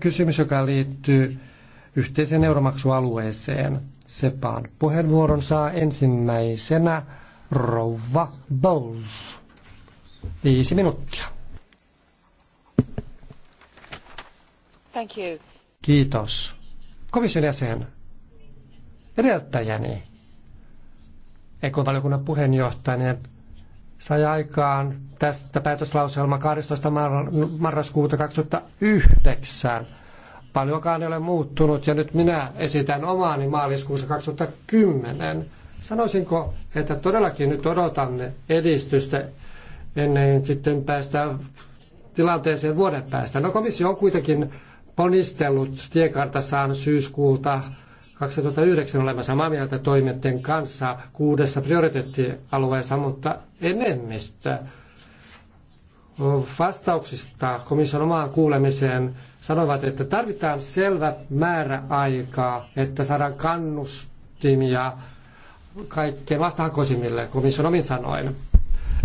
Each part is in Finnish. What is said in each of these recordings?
kysymys, joka liittyy yhteiseen euromaksualueeseen. Sepaan puheenvuoron saa ensimmäisenä rouva Bowles. Viisi minuuttia. Thank you. Kiitos. Komission jäsen, edeltäjäni, ekovaliokunnan puheenjohtajana sai aikaan tästä päätöslauselma 12. marraskuuta 2009. Paljonkaan ei ole muuttunut ja nyt minä esitän omaani maaliskuussa 2010. Sanoisinko, että todellakin nyt odotamme edistystä ennen sitten päästään tilanteeseen vuoden päästä. No komissio on kuitenkin ponistellut tiekartassaan syyskuulta 2009 olemme samaa mieltä toimijoiden kanssa kuudessa prioriteettialueessa, mutta enemmistö vastauksista komission omaan kuulemiseen sanovat, että tarvitaan selvä määrä aikaa, että saadaan kannustimia kaikkein vastahakoisimmille komission omin sanoin.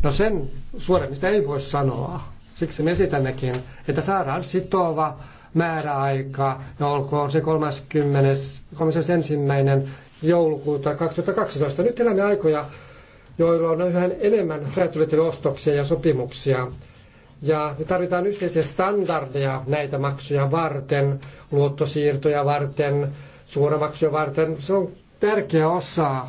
No sen suoremmista ei voi sanoa. Siksi me esitämmekin, että saadaan sitova määräaika, ja no, olkoon se 30, 31. joulukuuta 2012. Nyt elämme aikoja, joilla on yhä enemmän rajattelyttäviä ostoksia ja sopimuksia. Ja me tarvitaan yhteisiä standardeja näitä maksuja varten, luottosiirtoja varten, suoramaksuja varten. Se on tärkeä osa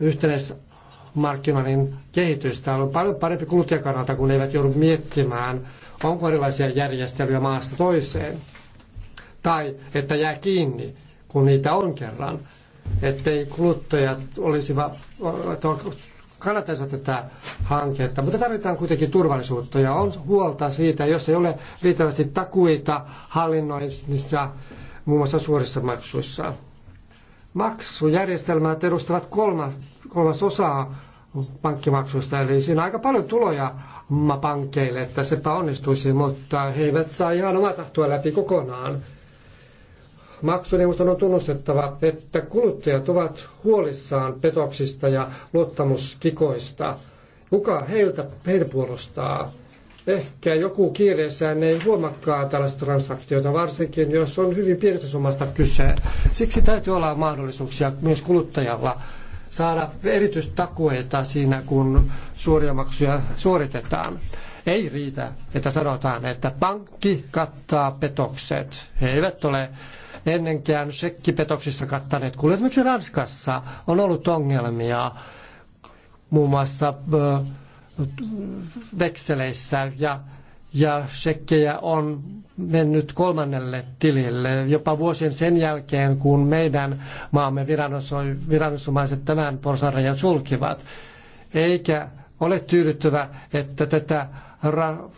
yhteismarkkinoinnin kehitystä. On paljon parempi kuluttajakannalta, kun eivät joudu miettimään Onko erilaisia järjestelyjä maasta toiseen? Tai että jää kiinni, kun niitä on kerran. Ettei kuluttajat olisi kannattaisivat tätä hanketta. Mutta tarvitaan kuitenkin turvallisuutta ja on huolta siitä, jos ei ole riittävästi takuita hallinnoinnissa, muun muassa suorissa maksuissa. Maksujärjestelmät edustavat kolmas, kolmas osaa pankkimaksuista, eli siinä aika paljon tuloja pankeille, että sepä onnistuisi, mutta he eivät saa ihan omaa tahtoa läpi kokonaan. Maksuneuvoston on tunnustettava, että kuluttajat ovat huolissaan petoksista ja luottamuskikoista. Kuka heiltä, heitä puolustaa? Ehkä joku kiireessään ei huomakkaa tällaista transaktiota, varsinkin jos on hyvin pienestä summasta kyse. Siksi täytyy olla mahdollisuuksia myös kuluttajalla saada erityistakueita siinä, kun suoria maksuja suoritetaan. Ei riitä, että sanotaan, että pankki kattaa petokset. He eivät ole ennenkään shekkipetoksissa kattaneet, kun esimerkiksi Ranskassa on ollut ongelmia muun muassa vekseleissä ja ja shekkejä on mennyt kolmannelle tilille, jopa vuosien sen jälkeen, kun meidän maamme viranomaiset tämän porsanrajan sulkivat. Eikä ole tyydyttävä, että tätä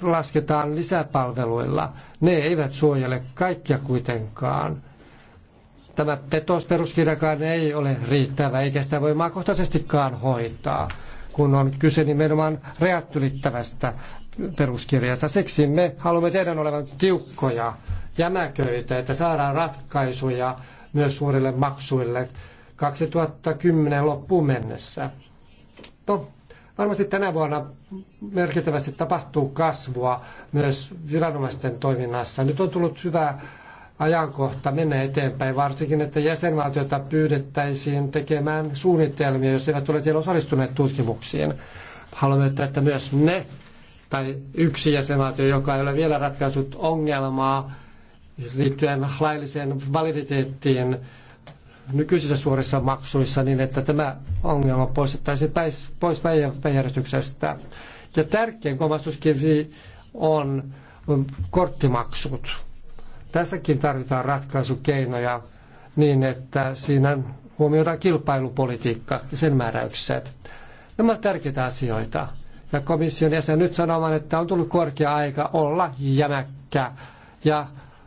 lasketaan lisäpalveluilla. Ne eivät suojele kaikkia kuitenkaan. Tämä petosperuskirjakaan ei ole riittävä, eikä sitä voi maakohtaisestikaan hoitaa kun on kyse nimenomaan rajat ylittävästä peruskirjasta. Siksi me haluamme teidän olevan tiukkoja, jämäköitä, että saadaan ratkaisuja myös suurille maksuille 2010 loppuun mennessä. No, varmasti tänä vuonna merkittävästi tapahtuu kasvua myös viranomaisten toiminnassa. Nyt on tullut hyvä ajankohta mennä eteenpäin, varsinkin että jäsenvaltiota pyydettäisiin tekemään suunnitelmia, jos eivät ole vielä osallistuneet tutkimuksiin. Haluamme, että myös ne tai yksi jäsenvaltio, joka ei ole vielä ratkaisut ongelmaa liittyen lailliseen validiteettiin nykyisissä suorissa maksuissa niin, että tämä ongelma poistettaisiin pois päiväjärjestyksestä. Ja tärkein komastuskivi on korttimaksut. Tässäkin tarvitaan ratkaisukeinoja niin, että siinä huomioidaan kilpailupolitiikka ja sen määräykset. Nämä ovat tärkeitä asioita ja komission jäsen nyt sanomaan, että on tullut korkea aika olla jämäkkä ja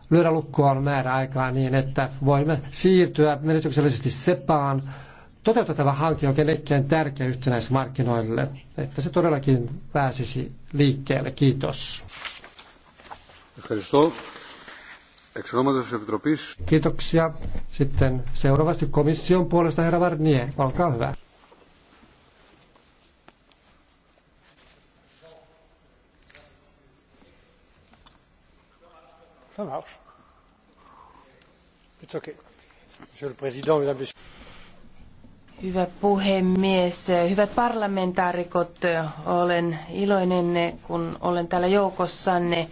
lyödä lukkoon määräaikaa niin, että voimme siirtyä menestyksellisesti SEPAan. tämä hanke on kenellekään tärkeä yhtenäismarkkinoille, että se todellakin pääsisi liikkeelle. Kiitos. Kiitoksia. Sitten seuraavasti komission puolesta herra Varnier, olkaa hyvä. Hyvä puhemies, hyvät parlamentaarikot, olen iloinen, kun olen täällä joukossanne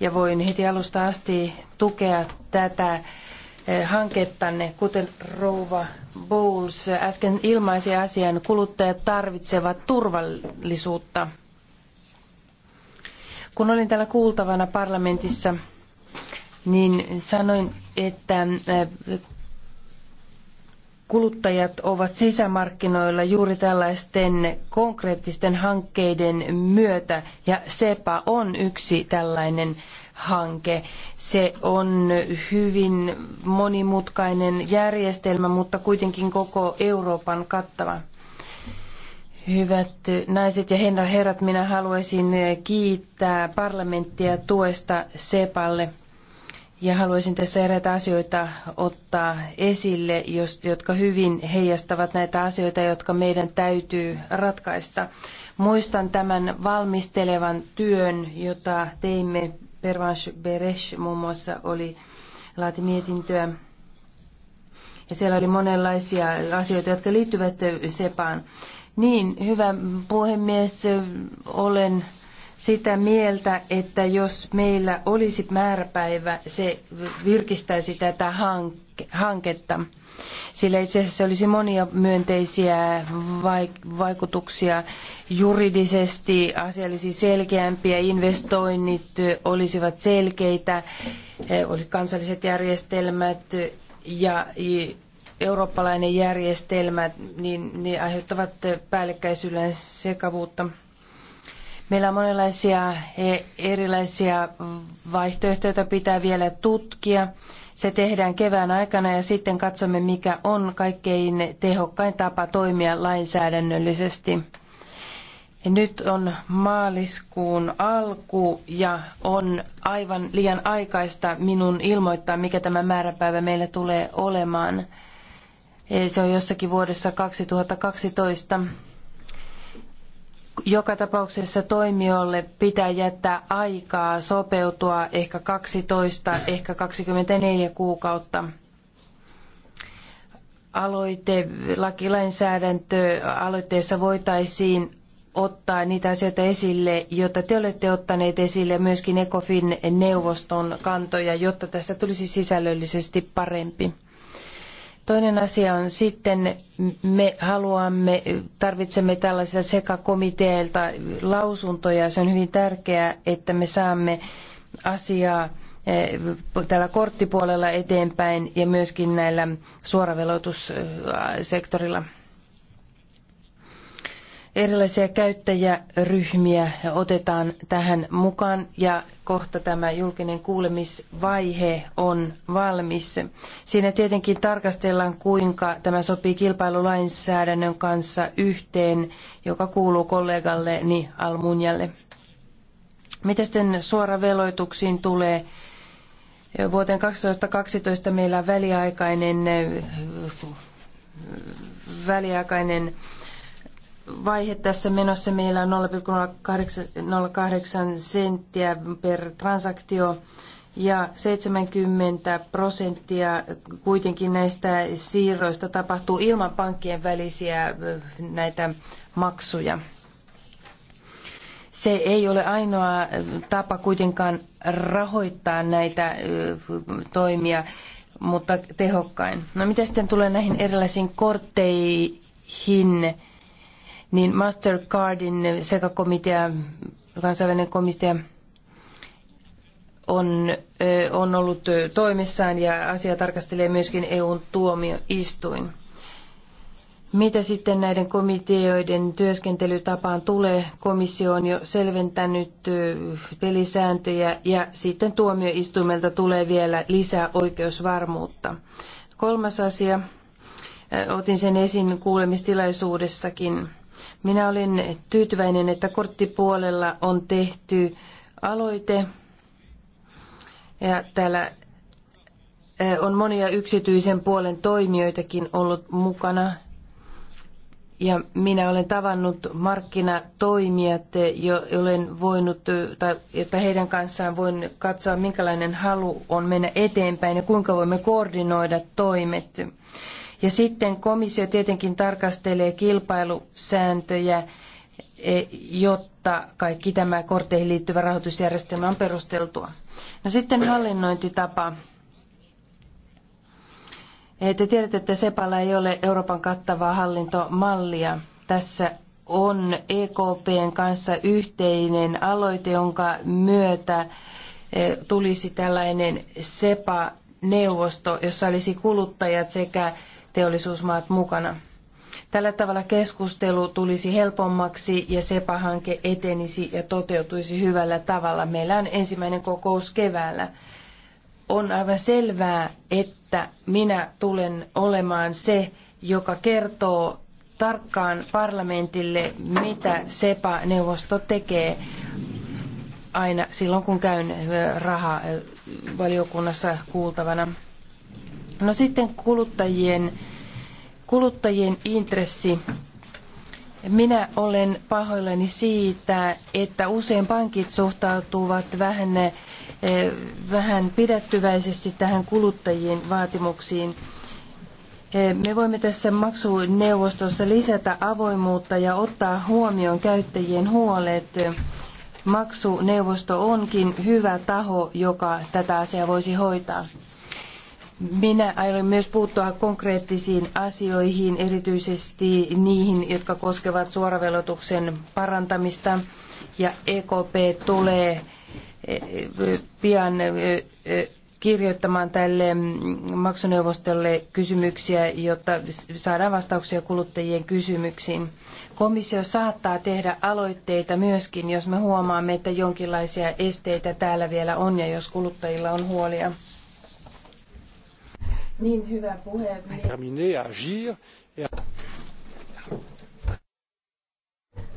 ja voin heti alusta asti tukea tätä eh, hanketanne, kuten rouva Bowles äsken ilmaisi asian, kuluttajat tarvitsevat turvallisuutta. Kun olin täällä kuultavana parlamentissa, niin sanoin, että äh, kuluttajat ovat sisämarkkinoilla juuri tällaisten konkreettisten hankkeiden myötä, ja SEPA on yksi tällainen hanke. Se on hyvin monimutkainen järjestelmä, mutta kuitenkin koko Euroopan kattava. Hyvät naiset ja herrat, minä haluaisin kiittää parlamenttia tuesta SEPAlle. Ja haluaisin tässä eräitä asioita ottaa esille, jotka hyvin heijastavat näitä asioita, jotka meidän täytyy ratkaista. Muistan tämän valmistelevan työn, jota teimme. Pervanche Beresh muun muassa oli laati mietintöä. Ja siellä oli monenlaisia asioita, jotka liittyvät SEPAan. Niin, hyvä puhemies, olen sitä mieltä, että jos meillä olisi määräpäivä, se virkistäisi tätä hanketta. Sillä itse asiassa olisi monia myönteisiä vaikutuksia juridisesti, asiallisesti selkeämpiä, investoinnit olisivat selkeitä, eh, olisi kansalliset järjestelmät ja eurooppalainen järjestelmä, niin ne aiheuttavat päällekkäisyyden sekavuutta. Meillä on monenlaisia e, erilaisia vaihtoehtoja, joita pitää vielä tutkia. Se tehdään kevään aikana ja sitten katsomme, mikä on kaikkein tehokkain tapa toimia lainsäädännöllisesti. Nyt on maaliskuun alku ja on aivan liian aikaista minun ilmoittaa, mikä tämä määräpäivä meillä tulee olemaan. E, se on jossakin vuodessa 2012. Joka tapauksessa toimijoille pitää jättää aikaa sopeutua ehkä 12, ehkä 24 kuukautta. Aloite, lakilainsäädäntö aloitteessa voitaisiin ottaa niitä asioita esille, joita te olette ottaneet esille, myöskin ECOFIN neuvoston kantoja, jotta tästä tulisi sisällöllisesti parempi. Toinen asia on sitten, me haluamme, tarvitsemme tällaisia sekakomiteilta lausuntoja. Se on hyvin tärkeää, että me saamme asiaa eh, tällä korttipuolella eteenpäin ja myöskin näillä suoraveloitussektorilla. Erilaisia käyttäjäryhmiä otetaan tähän mukaan ja kohta tämä julkinen kuulemisvaihe on valmis. Siinä tietenkin tarkastellaan, kuinka tämä sopii kilpailulainsäädännön kanssa yhteen, joka kuuluu kollegalleni niin Almunjalle. Mitä sitten suoraveloituksiin tulee? Vuoteen 2012 meillä on väliaikainen, väliaikainen vaihe tässä menossa. Meillä on 0,08 senttiä per transaktio ja 70 prosenttia kuitenkin näistä siirroista tapahtuu ilman pankkien välisiä näitä maksuja. Se ei ole ainoa tapa kuitenkaan rahoittaa näitä toimia, mutta tehokkain. No mitä sitten tulee näihin erilaisiin kortteihin? niin Mastercardin sekä komitea, kansainvälinen komitea on, on ollut toimissaan ja asia tarkastelee myöskin EUn tuomioistuin. Mitä sitten näiden komiteoiden työskentelytapaan tulee? Komissio on jo selventänyt pelisääntöjä ja sitten tuomioistuimelta tulee vielä lisää oikeusvarmuutta. Kolmas asia, otin sen esiin kuulemistilaisuudessakin. Minä olen tyytyväinen, että korttipuolella on tehty aloite. Ja täällä on monia yksityisen puolen toimijoitakin ollut mukana. Ja minä olen tavannut markkinatoimijat, jo olen voinut, tai, että heidän kanssaan voin katsoa, minkälainen halu on mennä eteenpäin ja kuinka voimme koordinoida toimet. Ja sitten komissio tietenkin tarkastelee kilpailusääntöjä, e, jotta kaikki tämä korteihin liittyvä rahoitusjärjestelmä on perusteltua. No sitten hallinnointitapa. E, te tiedätte, että SEPAlla ei ole Euroopan kattavaa hallintomallia. Tässä on EKPn kanssa yhteinen aloite, jonka myötä e, tulisi tällainen SEPA-neuvosto, jossa olisi kuluttajat sekä teollisuusmaat mukana. Tällä tavalla keskustelu tulisi helpommaksi ja SEPA-hanke etenisi ja toteutuisi hyvällä tavalla. Meillä on ensimmäinen kokous keväällä. On aivan selvää, että minä tulen olemaan se, joka kertoo tarkkaan parlamentille, mitä SEPA-neuvosto tekee aina silloin, kun käyn rahavaliokunnassa kuultavana. No sitten kuluttajien kuluttajien intressi. Minä olen pahoillani siitä, että usein pankit suhtautuvat vähän, eh, vähän pidättyväisesti tähän kuluttajien vaatimuksiin. Eh, me voimme tässä maksuneuvostossa lisätä avoimuutta ja ottaa huomioon käyttäjien huolet. Maksuneuvosto onkin hyvä taho, joka tätä asiaa voisi hoitaa. Minä aion myös puuttua konkreettisiin asioihin, erityisesti niihin, jotka koskevat suoravelotuksen parantamista. Ja EKP tulee eh, pian eh, eh, kirjoittamaan tälle maksuneuvostolle kysymyksiä, jotta saadaan vastauksia kuluttajien kysymyksiin. Komissio saattaa tehdä aloitteita myöskin, jos me huomaamme, että jonkinlaisia esteitä täällä vielä on ja jos kuluttajilla on huolia. Niin hyvä puhemies.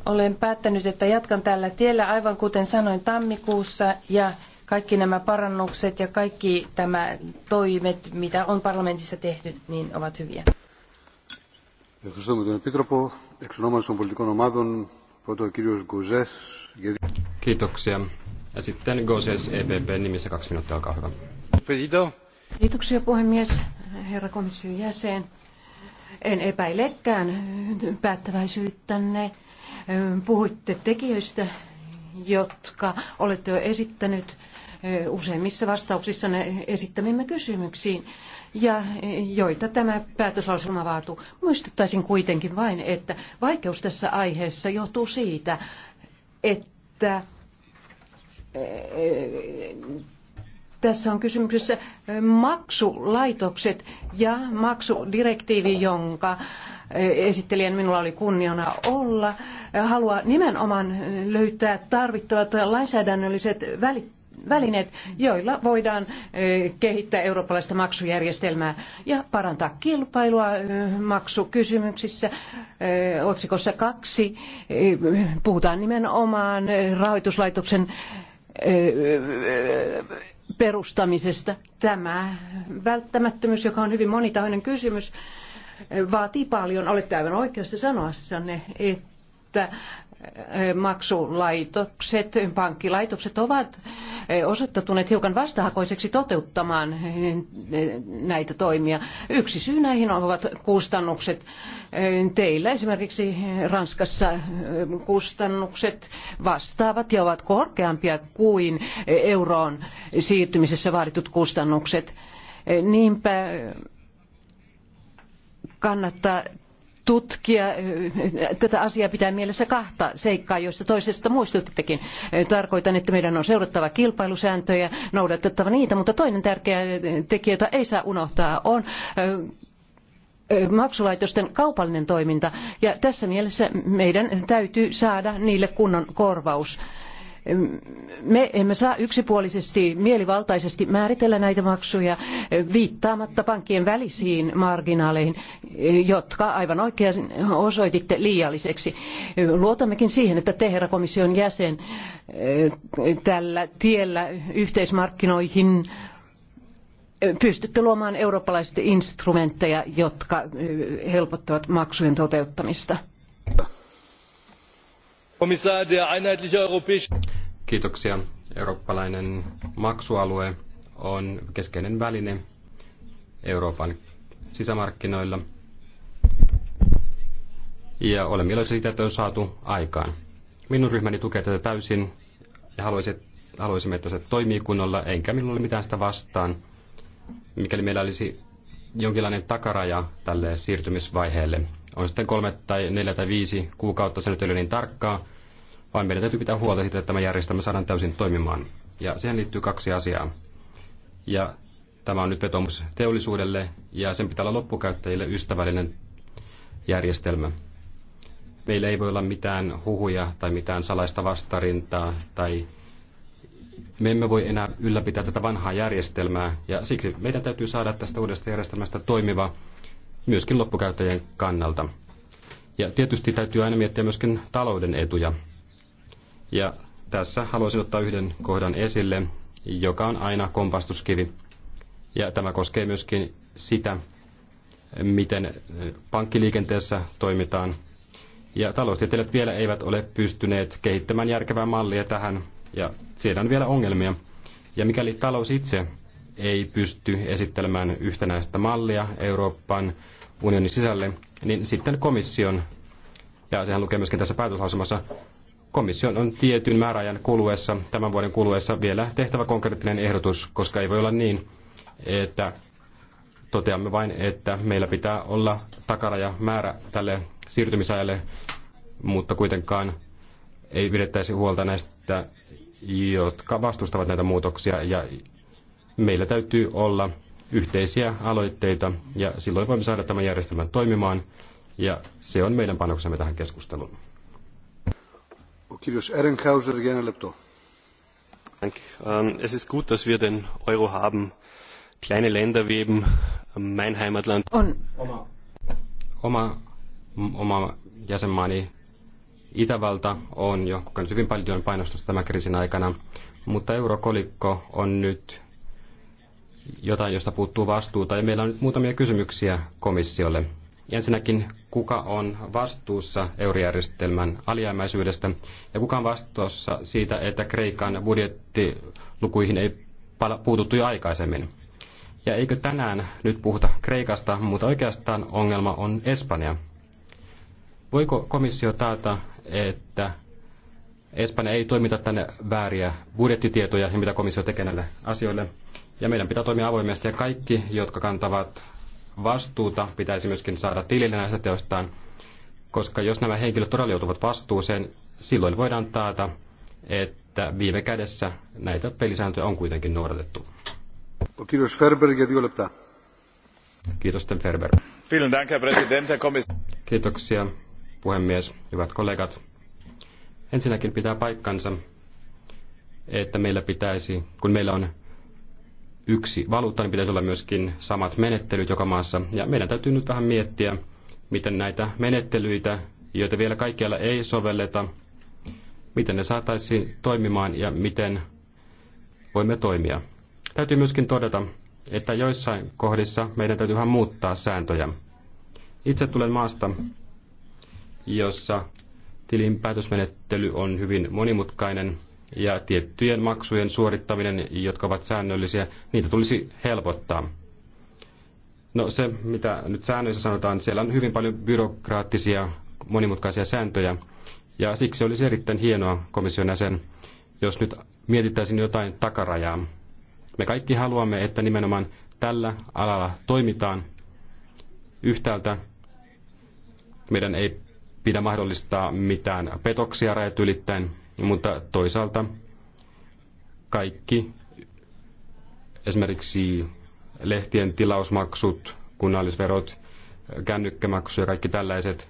Olen päättänyt, että jatkan tällä tiellä, aivan kuten sanoin tammikuussa, ja kaikki nämä parannukset ja kaikki tämä toimet, mitä on parlamentissa tehty, niin ovat hyviä. Kiitoksia. Ja sitten Gozes EPP nimissä kaksi minuuttia, olkaa hyvä. President. Kiitoksia puhemies, herra komission jäsen. En epäilekään päättäväisyyttänne. Puhuitte tekijöistä, jotka olette jo esittänyt useimmissa vastauksissa ne esittämimme kysymyksiin ja joita tämä päätöslauselma vaatuu. Muistuttaisin kuitenkin vain, että vaikeus tässä aiheessa johtuu siitä, että tässä on kysymyksessä maksulaitokset ja maksudirektiivi, jonka esittelijän minulla oli kunniana olla, haluaa nimenomaan löytää tarvittavat lainsäädännölliset välit välineet, joilla voidaan kehittää eurooppalaista maksujärjestelmää ja parantaa kilpailua maksukysymyksissä. Otsikossa kaksi puhutaan nimenomaan rahoituslaitoksen perustamisesta. Tämä välttämättömyys, joka on hyvin monitahoinen kysymys, vaatii paljon. Olette aivan oikeassa sanoessanne, että maksulaitokset, pankkilaitokset ovat e, osoittautuneet hiukan vastahakoiseksi toteuttamaan e, näitä toimia. Yksi syy näihin ovat kustannukset. E, teillä esimerkiksi Ranskassa kustannukset vastaavat ja ovat korkeampia kuin euroon siirtymisessä vaaditut kustannukset. Niinpä kannattaa tutkia. Tätä asiaa pitää mielessä kahta seikkaa, joista toisesta muistuttekin. Tarkoitan, että meidän on seurattava kilpailusääntöjä, noudatettava niitä, mutta toinen tärkeä tekijä, jota ei saa unohtaa, on maksulaitosten kaupallinen toiminta. Ja tässä mielessä meidän täytyy saada niille kunnon korvaus me emme saa yksipuolisesti mielivaltaisesti määritellä näitä maksuja viittaamatta pankkien välisiin marginaaleihin, jotka aivan oikein osoititte liialliseksi. Luotammekin siihen, että te, herra komission jäsen, tällä tiellä yhteismarkkinoihin pystytte luomaan eurooppalaisia instrumentteja, jotka helpottavat maksujen toteuttamista. Eurooppalainen maksualue on keskeinen väline Euroopan sisämarkkinoilla. Ja olemme iloisia siitä, että on saatu aikaan. Minun ryhmäni tukee tätä täysin ja haluaisimme, että se toimii kunnolla, enkä minulla ole mitään sitä vastaan, mikäli meillä olisi jonkinlainen takaraja tälle siirtymisvaiheelle. On sitten kolme tai neljä tai viisi kuukautta, se nyt ei ole niin tarkkaa, vaan meidän täytyy pitää huolta siitä, että tämä järjestelmä saadaan täysin toimimaan. Ja siihen liittyy kaksi asiaa. Ja tämä on nyt vetomus teollisuudelle ja sen pitää olla loppukäyttäjille ystävällinen järjestelmä. Meillä ei voi olla mitään huhuja tai mitään salaista vastarintaa tai me emme voi enää ylläpitää tätä vanhaa järjestelmää ja siksi meidän täytyy saada tästä uudesta järjestelmästä toimiva myöskin loppukäyttäjien kannalta. Ja tietysti täytyy aina miettiä myöskin talouden etuja. Ja tässä haluaisin ottaa yhden kohdan esille, joka on aina kompastuskivi. Ja tämä koskee myöskin sitä, miten eh, pankkiliikenteessä toimitaan. Ja taloustieteilijät vielä eivät ole pystyneet kehittämään järkevää mallia tähän, ja siellä on vielä ongelmia. Ja mikäli talous itse ei pysty esittelemään yhtenäistä mallia Euroopan unionin sisälle, niin sitten komission, ja sehän lukee myöskin tässä päätöslausumassa, komission on tietyn määräajan kuluessa, tämän vuoden kuluessa vielä tehtävä konkreettinen ehdotus, koska ei voi olla niin, että toteamme vain, että meillä pitää olla takaraja määrä tälle siirtymisajalle, mutta kuitenkaan ei pidettäisi huolta näistä jotka vastustavat näitä muutoksia ja meillä täytyy olla yhteisiä aloitteita ja silloin voimme saada tämän järjestelmän toimimaan ja se on meidän panoksemme tähän keskusteluun. Oh, Kiitos. Ehrenhauser, Dank. Ähm, es ist gut, dass wir den Euro haben. Kleine Länder wie eben ähm, mein Heimatland. On. Oma, oma, oma jäsenmaani Itävalta on jo kokenut hyvin paljon painostusta tämän kriisin aikana, mutta eurokolikko on nyt jotain, josta puuttuu vastuuta. Ja meillä on nyt muutamia kysymyksiä komissiolle. Ensinnäkin, kuka on vastuussa eurojärjestelmän alijäämäisyydestä ja kuka on vastuussa siitä, että Kreikan budjettilukuihin ei puututtu jo aikaisemmin? Ja eikö tänään nyt puhuta Kreikasta, mutta oikeastaan ongelma on Espanja. Voiko komissio taata, että Espanja ei toimita tänne vääriä budjettitietoja ja mitä komissio tekee näille asioille. Ja meidän pitää toimia avoimesti ja kaikki, jotka kantavat vastuuta, pitäisi myöskin saada tilille näistä teostaan, koska jos nämä henkilöt todella joutuvat vastuuseen, silloin voidaan taata, että viime kädessä näitä pelisääntöjä on kuitenkin noudatettu. Kiitos Ferber ja Kiitos, Ferber. Kiitoksia, puhemies, hyvät kollegat. Ensinnäkin pitää paikkansa, että meillä pitäisi, kun meillä on yksi valuutta, niin pitäisi olla myöskin samat menettelyt joka maassa. Ja meidän täytyy nyt vähän miettiä, miten näitä menettelyitä, joita vielä kaikkialla ei sovelleta, miten ne saataisiin toimimaan ja miten voimme toimia. Täytyy myöskin todeta, että joissain kohdissa meidän täytyy vähän muuttaa sääntöjä. Itse tulen maasta, jossa tilinpäätösmenettely on hyvin monimutkainen ja tiettyjen maksujen suorittaminen, jotka ovat säännöllisiä, niitä tulisi helpottaa. No se, mitä nyt säännöissä sanotaan, siellä on hyvin paljon byrokraattisia, monimutkaisia sääntöjä, ja siksi olisi erittäin hienoa komission jäsen, jos nyt mietittäisiin jotain takarajaa. Me kaikki haluamme, että nimenomaan tällä alalla toimitaan yhtäältä. Meidän ei pidä mahdollistaa mitään petoksia rajat ylittäen, mutta toisaalta kaikki esimerkiksi lehtien tilausmaksut, kunnallisverot, kännykkämaksut ja kaikki tällaiset,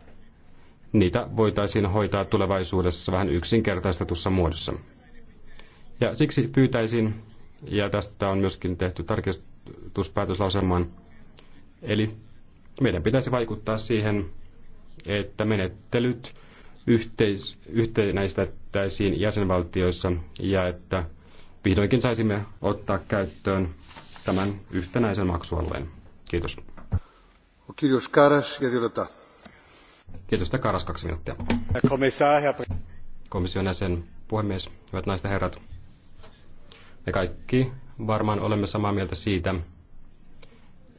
niitä voitaisiin hoitaa tulevaisuudessa vähän yksinkertaistetussa muodossa. Ja siksi pyytäisin, ja tästä on myöskin tehty tarkistuspäätöslausemaan, eli meidän pitäisi vaikuttaa siihen, että menettelyt yhteis- yhtenäistettäisiin jäsenvaltioissa ja että vihdoinkin saisimme ottaa käyttöön tämän yhtenäisen maksualueen. Kiitos. Kiitos Karas ja Tilota. Kiitos, Karas, kaksi minuuttia. Komission jäsen, puhemies, hyvät naiset ja herrat. Me kaikki varmaan olemme samaa mieltä siitä,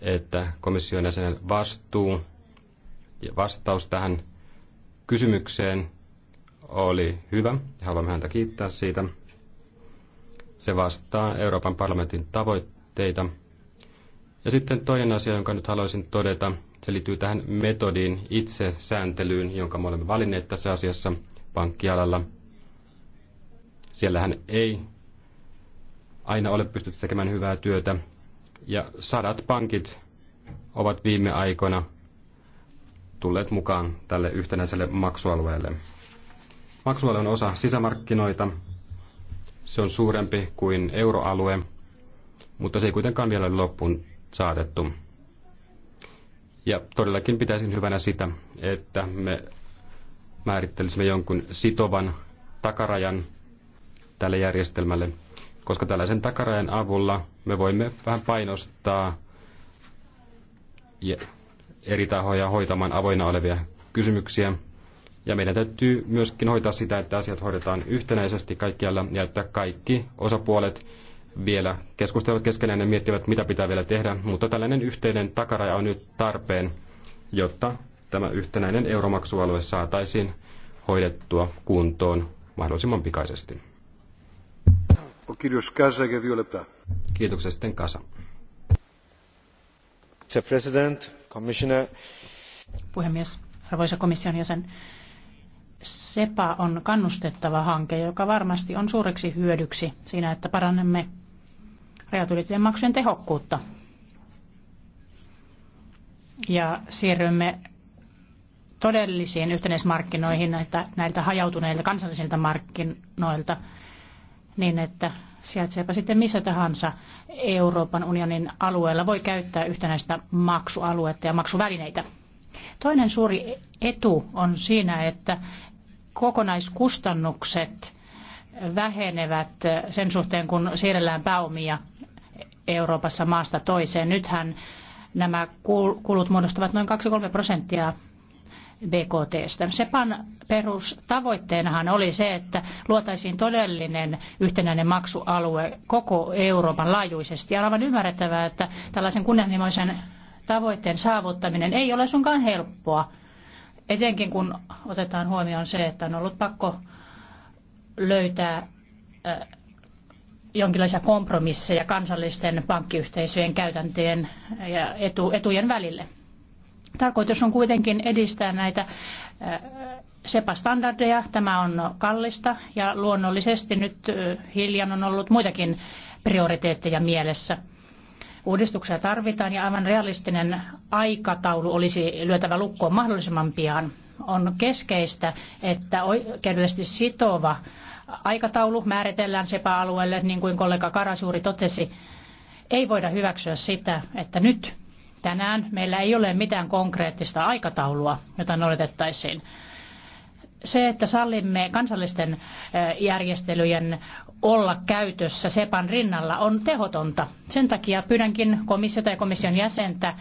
että komission jäsenen vastuu ja vastaus tähän kysymykseen oli hyvä ja haluamme häntä kiittää siitä. Se vastaa Euroopan parlamentin tavoitteita. Ja sitten toinen asia, jonka nyt haluaisin todeta, se liittyy tähän metodiin sääntelyyn, jonka me olemme valinneet tässä asiassa pankkialalla. Siellähän ei aina ole pystytty tekemään hyvää työtä. Ja sadat pankit ovat viime aikoina tulleet mukaan tälle yhtenäiselle maksualueelle. Maksualue on osa sisämarkkinoita. Se on suurempi kuin euroalue, mutta se ei kuitenkaan vielä ole loppuun saatettu. Ja todellakin pitäisin hyvänä sitä, että me määrittelisimme jonkun sitovan takarajan tälle järjestelmälle, koska tällaisen takarajan avulla me voimme vähän painostaa eri tahoja hoitamaan avoinna olevia kysymyksiä. Ja meidän täytyy myöskin hoitaa sitä, että asiat hoidetaan yhtenäisesti kaikkialla ja että kaikki osapuolet vielä keskustelevat keskenään ja miettivät, mitä pitää vielä tehdä. Mutta tällainen yhteinen takaraja on nyt tarpeen, jotta tämä yhtenäinen euromaksualue saataisiin hoidettua kuntoon mahdollisimman pikaisesti. Kiitoksia sitten Kasa puhemies arvoisa komission jäsen sepa on kannustettava hanke joka varmasti on suureksi hyödyksi siinä että parannamme rajat ylittävien maksujen tehokkuutta ja siirrymme todellisiin yhtenäismarkkinoihin näiltä, näiltä hajautuneilta kansallisilta markkinoilta niin, että sijaitseepa sitten missä tahansa Euroopan unionin alueella, voi käyttää yhtenäistä maksualuetta ja maksuvälineitä. Toinen suuri etu on siinä, että kokonaiskustannukset vähenevät sen suhteen, kun siirrellään pääomia Euroopassa maasta toiseen. Nythän nämä kulut muodostavat noin 2-3 prosenttia BKTstä. SEPAN perustavoitteenahan oli se, että luotaisiin todellinen yhtenäinen maksualue koko Euroopan laajuisesti. Ja aivan ymmärrettävää, että tällaisen kunnianhimoisen tavoitteen saavuttaminen ei ole sunkaan helppoa. Etenkin kun otetaan huomioon se, että on ollut pakko löytää äh, jonkinlaisia kompromisseja kansallisten pankkiyhteisöjen käytäntöjen ja etujen välille. Tarkoitus on kuitenkin edistää näitä SEPA-standardeja. Tämä on kallista ja luonnollisesti nyt hiljan on ollut muitakin prioriteetteja mielessä. Uudistuksia tarvitaan ja aivan realistinen aikataulu olisi lyötävä lukkoon mahdollisimman pian. On keskeistä, että oikeudellisesti sitova aikataulu määritellään SEPA-alueelle, niin kuin kollega Karasuuri totesi. Ei voida hyväksyä sitä, että nyt Tänään meillä ei ole mitään konkreettista aikataulua, jota noudatettaisiin. Se, että sallimme kansallisten järjestelyjen olla käytössä SEPAn rinnalla, on tehotonta. Sen takia pyydänkin komissiota ja komission jäsentä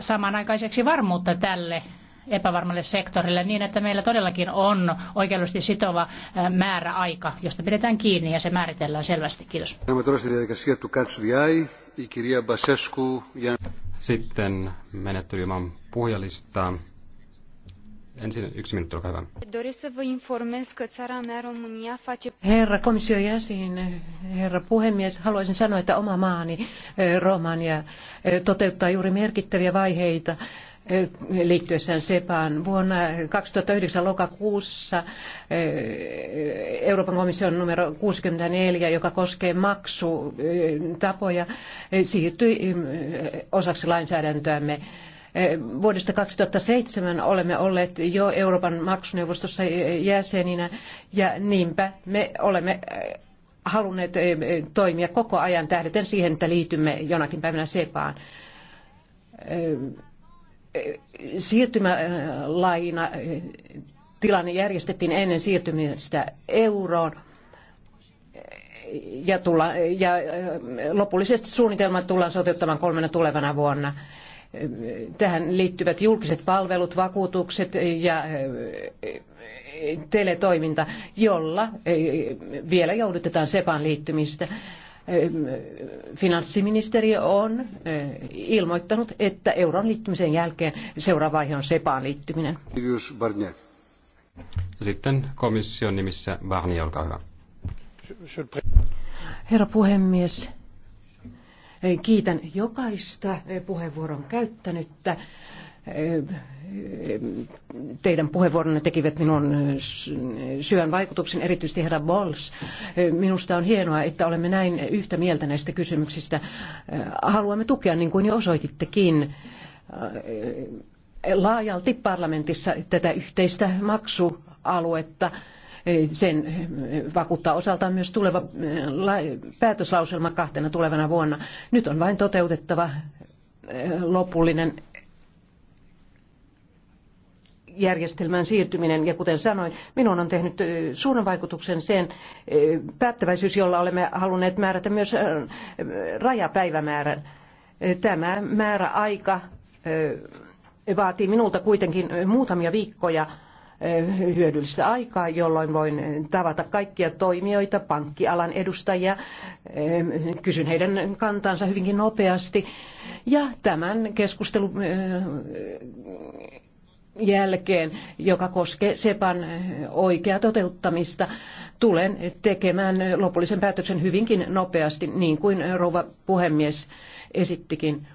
samanaikaiseksi varmuutta tälle epävarmalle sektorille niin, että meillä todellakin on oikeudellisesti sitova määräaika, josta pidetään kiinni ja se määritellään selvästi. Kiitos. Sitten menettely puhujalistaa. Ensin yksi minuutti, olkaa hyvä. Herra komission jäsen, herra puhemies, haluaisin sanoa, että oma maani, eh, Romania, eh, toteuttaa juuri merkittäviä vaiheita liittyessään SEPAan. Vuonna 2009 lokakuussa eh, Euroopan komission numero 64, joka koskee maksutapoja, eh, siirtyi eh, osaksi lainsäädäntöämme. Vuodesta 2007 olemme olleet jo Euroopan maksuneuvostossa jäseninä ja niinpä me olemme halunneet toimia koko ajan tähdeten siihen, että liitymme jonakin päivänä SEPAan siirtymälaina eh, tilanne järjestettiin ennen siirtymistä euroon ja, tulla, ja eh, lopullisesti suunnitelmat tullaan soteuttamaan kolmena tulevana vuonna. Tähän liittyvät julkiset palvelut, vakuutukset ja eh, teletoiminta, jolla vielä joudutetaan SEPAan liittymistä finanssiministeriö on eh, ilmoittanut, että euron liittymisen jälkeen seuraava vaihe on SEPAan liittyminen. Sitten komission nimissä Barni, olkaa hyvä. Herra puhemies, eh, kiitän jokaista eh, puheenvuoron käyttänyttä teidän puheenvuoronne tekivät minun syön vaikutuksen, erityisesti herra Bols. Minusta on hienoa, että olemme näin yhtä mieltä näistä kysymyksistä. Haluamme tukea, niin kuin jo osoitittekin, laajalti parlamentissa tätä yhteistä maksualuetta sen vakuuttaa osaltaan myös tuleva päätöslauselma kahtena tulevana vuonna. Nyt on vain toteutettava lopullinen järjestelmään siirtyminen. Ja kuten sanoin, minun on tehnyt suuren vaikutuksen sen päättäväisyys, jolla olemme halunneet määrätä myös rajapäivämäärän. Tämä määräaika vaatii minulta kuitenkin muutamia viikkoja hyödyllistä aikaa, jolloin voin tavata kaikkia toimijoita, pankkialan edustajia, kysyn heidän kantansa hyvinkin nopeasti. Ja tämän keskustelun jälkeen, joka koskee SEPAn oikeaa toteuttamista. Tulen tekemään lopullisen päätöksen hyvinkin nopeasti, niin kuin rouva puhemies esittikin.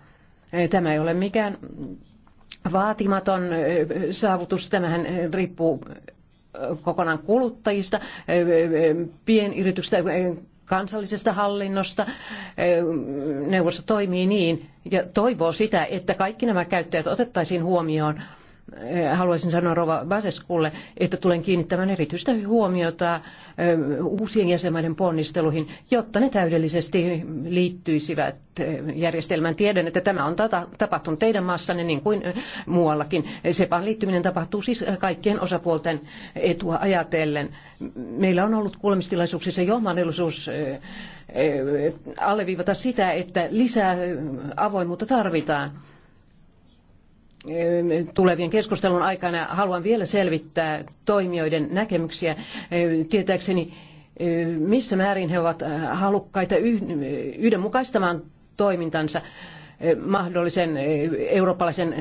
Tämä ei ole mikään vaatimaton saavutus. Tämähän riippuu kokonaan kuluttajista, pienyrityksistä, kansallisesta hallinnosta. Neuvosto toimii niin ja toivoo sitä, että kaikki nämä käyttäjät otettaisiin huomioon Eh, haluaisin sanoa Rova Baseskulle, että tulen kiinnittämään erityistä huomiota eh, uusien jäsenmaiden ponnisteluihin, jotta ne täydellisesti liittyisivät eh, järjestelmään. Tiedän, että tämä on tapahtunut teidän maassanne niin kuin muuallakin. Sepan liittyminen tapahtuu siis kaikkien osapuolten etua ajatellen. Meillä on ollut kuulemistilaisuuksissa jo mahdollisuus alleviivata sitä, että lisää avoimuutta tarvitaan tulevien keskustelun aikana haluan vielä selvittää toimijoiden näkemyksiä. Tietääkseni missä määrin he ovat äh, halukkaita yhdenmukaistamaan toimintansa äh, mahdollisen äh, eurooppalaisen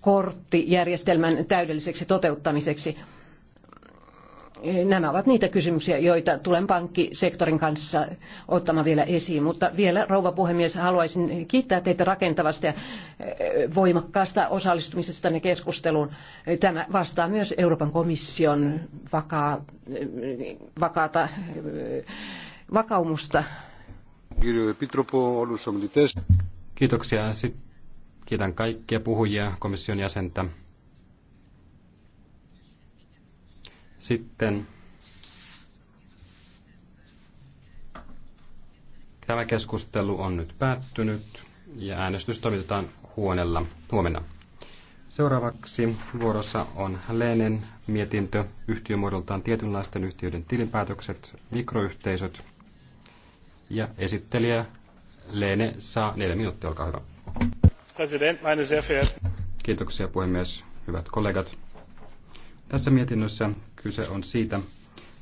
korttijärjestelmän täydelliseksi toteuttamiseksi. Nämä ovat niitä kysymyksiä, joita tulen pankkisektorin kanssa ottamaan vielä esiin. Mutta vielä, rouva puhemies, haluaisin kiittää teitä rakentavasta ja eh, voimakkaasta osallistumisesta tänne keskusteluun. Tämä vastaa myös Euroopan komission vakaa, vakaata, eh, vakaumusta. Kiitoksia. kiitän kaikkia puhujia, komission jäsentä. Sitten tämä keskustelu on nyt päättynyt ja äänestys toimitetaan huonella huomenna. Seuraavaksi vuorossa on Lenen mietintö yhtiömuodoltaan tietynlaisten yhtiöiden tilinpäätökset, mikroyhteisöt ja esittelijä Lene saa neljä minuuttia, olkaa hyvä. President, meine sehr Kiitoksia puhemies, hyvät kollegat. Tässä mietinnössä Kyse on siitä,